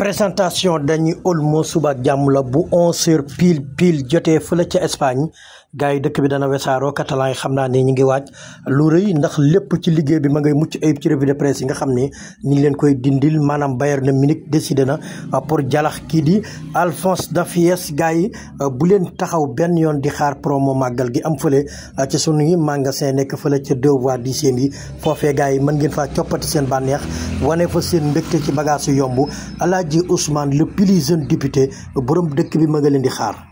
présentation dañuy Olmo suba jàmm la bu 11h pile pile jotee fële ca Espagne gars yi dëkk bi dana wesaaroo catalan yi xam naa ne ñu ngi waaj lu rëy ndax lépp ci liggéey bi ma ngay mucc ayib ci revue de presse yi nga xam ni ñu ngi leen koy dindil maanaam Bayern na Munich décidé na euh, pour jalax kii di Alphonse Davies gars yi euh, bu leen taxaw benn yoon di xaar promo màggal gi am fële euh, ci sunuy magasin nekk fële ca deux di dixième yi foofee gars yi mën ngeen faa coppati seen bànneex wane fa seen ndëkk ci bagage yu yomb Alaaji Ousmane le plus jeune député borom dëkk bi ma nga leen di xaar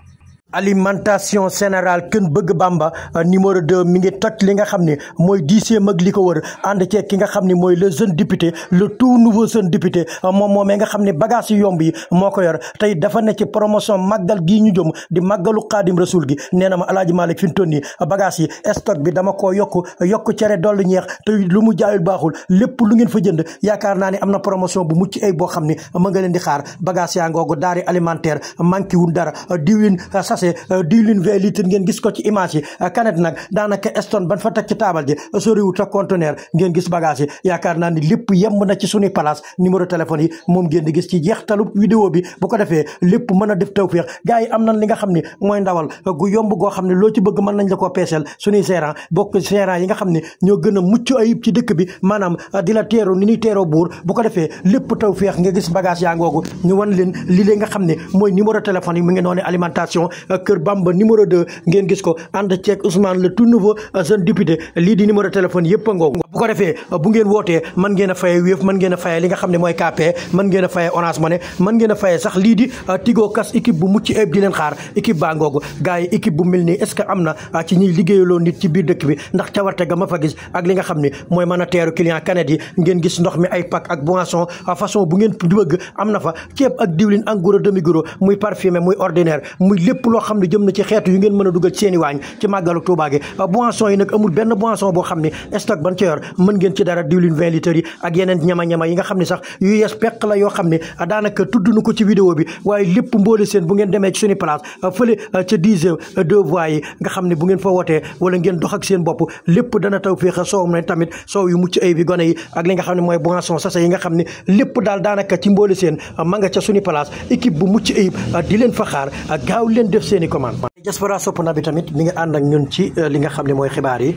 alimentation générale Kën Bëgg Bamba euh, numéro 2 mi ngi toj li nga xam ne mooy dixième mag li ko wër ànd ceeg ki nga xam ni mooy le jeune député le tout nouveau jeune député euh, moom moomee nga xam ne bagage yu yomb yi moo ko yor tey dafa nekk ci promotion màggal gii ñu jëm di màggalu xaadim rasul gi nee na ma alaaji Malick fi mu toll nii bagage yi stock bi dama koo yokk yokk cere dool ñeex te lu mu jaayul baaxul lépp lu ngeen fa jënd yaakaar naa ne am na promotion bu mucc ay boo xam ne ma nga leen di xaar bagage yaa daari alimentaire manqué wun dara diwin euh, sachet euh, diwlin vingt litres ngeen gis ko ci image yi canette euh, nag daanaka eston ban fa teg ci taabal ji euh, soriwut ak conteneur ngeen gis bagage yi yaakaar naa ni lépp yemb na ci suñu place numéro téléphone yi moom ngeen di gis ci jeextalu vidéo bi bu ko defee lépp mën a def tawféex gars yi am nañ li nga xam ne mooy ndawal gu yomb goo xam ne loo ci bëgg mën nañ la koo peeseel suñuy gérant bokk gérant yi nga xam ne ñoo gën a mucc ayib ci dëkk bi maanaam di la teeroo ni ñuy teeroo buur bu ko defee lépp tawféex nga gis bagage yaa ngoogu ñu wan leen li lee nga xam ne mooy numéro téléphone yi mu ngi noonu alimentation Kër Bamba numéro 2 ngeen gis ko ànd ceeg Ousmane le tout nouveau euh, jeune député lii di numéro téléphone yëpp a ngoog bu ko defee euh, bu ngeen wootee man ngeen a faye wéef mën ngeen faye li nga xam ne mooy KP mën a faye Orange Money mën a lii di euh, Tigo Cash équipe bu mucc ayib leen xaar équipe baa ngoog gars yi équipe mel nii est-ce que am na ci ñuy liggéeyaloo nit ci biir dëkk bi ndax cawarte nga xam ne mooy mën a teeru client kanet ngeen gis ndox mi ay pack ak boisson façon bu ngeen bëgg am na fa ceeb ak diwlin en gros demi gros muy parfumé muy ordinaire muy lépp loo xam ne jëm na ci xeetu yu ngeen mën a dugal ci seen i waañ ci màggalu Tuubaa gi boisson yi nag amul benn boisson boo xam ne stock ban ci yor ngeen ci dara diwlin 20 litres yoo xam ne daanaka tudd nu ko ci vidéo bi waaye lépp mboole seen bu ngeen demee ci suñu place fële ca 10 deux nga xam ne bu ngeen fa wootee wala ngeen dox ak seen bopp lépp dana taw féexa soow na tamit soow yu mucc ay bi gone yi ak li nga xam ne mooy boisson sasa yi nga xam ne lépp daal daanaka ci mboole seen ma nga ca suñu place équipe bu mucc ayib di leen fa xaar gaaw def seen i commande diaspora sopp na bi tamit mi ngi ànd ak ñun ci euh, li nga xam ne mooy xibaar yi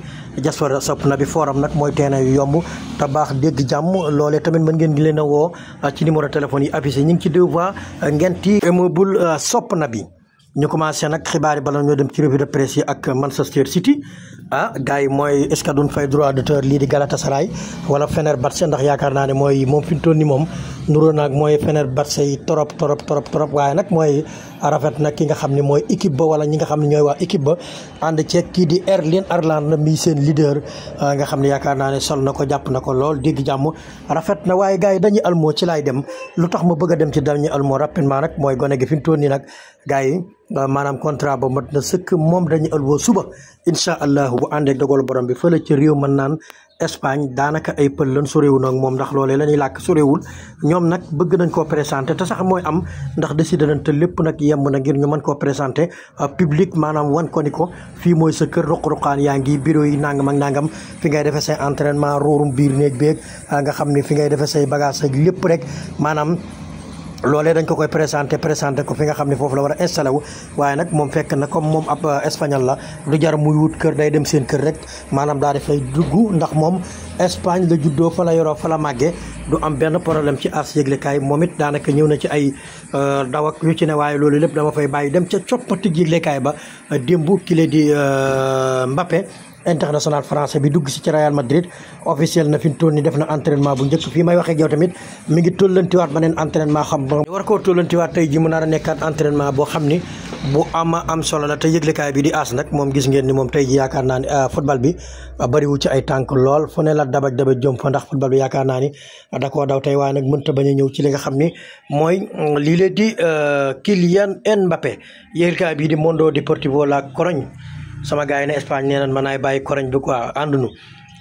sopp na bi forum nag mooy terrain yomb te baax dégg jàmm loolee tamit mën ngeen di leen a woo euh, ci numéro téléphone yi affiché ñu ngi ci deux voies euh, ngenti immeuble sopp na bi ñu commencé nag xibaar yi bala ñoo dem ci revue de presse yi ak Manchester City ah yi mooy est-ce que duñ fay droit d'auteur lii di Galatasaray wala Fenerbahçe ndax yaakaar naa ne mooy moom fi mu toll moom nuroo naag mooy Fenerbahçe yi torop torop torop torop waaye nag mooy rafet na ki nga xam ne mooy équipe ba wala ñi nga xam ne ñooy wa équipe ba ànd ceeg kii di Erling Haaland mi seen leader ah, nga xam ne yaakaar naa ne sol na ko jàpp na ko lool dégg jàmm rafet na waaye gars yi dañuy almoo ci laay dem lu tax ma bëgg dem ci dañuy almoo rapidement nag mooy gone gi fi mu nii nag gars yi ah, maanaam contrat ba mat na sëkk moom dañuy almoo suba incha allah bu àndeek dogal borom bi fële ci réew mën naan Espagne daanaka ay pël lan soréwul nag moom ndax loolee la ñuy làkk soréwul ñoom nag bëgg nañ koo présenté te sax mooy am ndax décidé nañ te lépp nag yemb na ngir ñu mën koo présenté euh, public maanaam wan ko ni ko fii mooy sa kër ruq-ruqaan yaa ngi bureau yi nangam ak nangam fi ngay defee say entrainement ruurum biir néeg beeg euh, nga xam ni fi ngay defee say bagage ak lépp rek maanaam loolee dañ ko koy présenté présenté ko fi nga xam ne foofu la war a installé wu waaye nag moom fekk na comme moom ab euh, espagnol la du jar muy wut kër day dem seen kër rek maanaam daa def dugg ndax moom Espagne la juddoo fa la yoroo fa la màggee du am benn problème ci as yëglekaay moom it daanaka ñëw na ci ay euh, daw ak yu ci ne waaye loolu lépp dama fay bàyyi dem ca coppati yëglekaay ba euh, démb kile di Mbappé international français bi dugg si ci Real Madrid officiel na fi mu toll nii def na entraînement bu njëkk fii may waxee ak yow tamit mi ngi tollantiwaat beneen entraînement xam ba war koo a nekkaat entraînement boo xam ni bu ama am solo la te yëglekaay bi di aas nag moom gis ngeen ni moom te ji yaakaar naa ni euh, football bi bariwu ci ay tànk lool fu ne la dabaj dabaj jom fa ndax football bi yaakaar naa ni a koo daw tey waaye nag mënta bañ a ñëw ci li nga xam ni mooy mm, lii lee di euh, Kylian Mbappé yëglekaay bi di Mundo Deportivo La Corogne sama gars yi ne Espagne nee nañ mën naay bàyyi koreñ bi quoi àndunu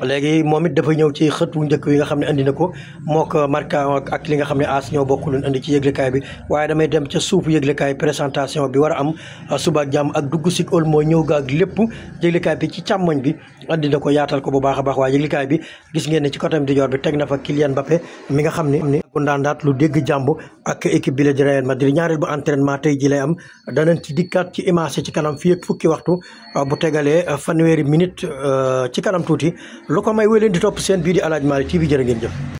léegi moom it dafa ñëw ci xëtu njëkk yi nga xam ne andi na ko mook Marca ak li nga xam ne AS ñoo bokk luñ andi ci kaay bi waaye damay dem ca suuf yëglekaay présentation bi war a am suba ak jàmm ak dugg si ol moo ñëw gaag lépp yëglekaay bi ci càmmoñ bi andi na ko yaatal ko bu baax a baax waaye yëglekaay bi gis ngeen ne ci côté ndijoor bi teg na fa Kylian Mbappé nga xam ne bu ndaandaat lu dégg jàmb ak équipe bi la di ma Madrid ñaareel bu entraînement tey ji lay am danañ ci dikkaat ci image ci kanam fii ak fukki waxtu uh, bu tegalee uh, fanweeri minute uh, ci kanam tuuti lu ko may wéy leen di topp seen bii di Aladji Malick TV jërë ngeen jëf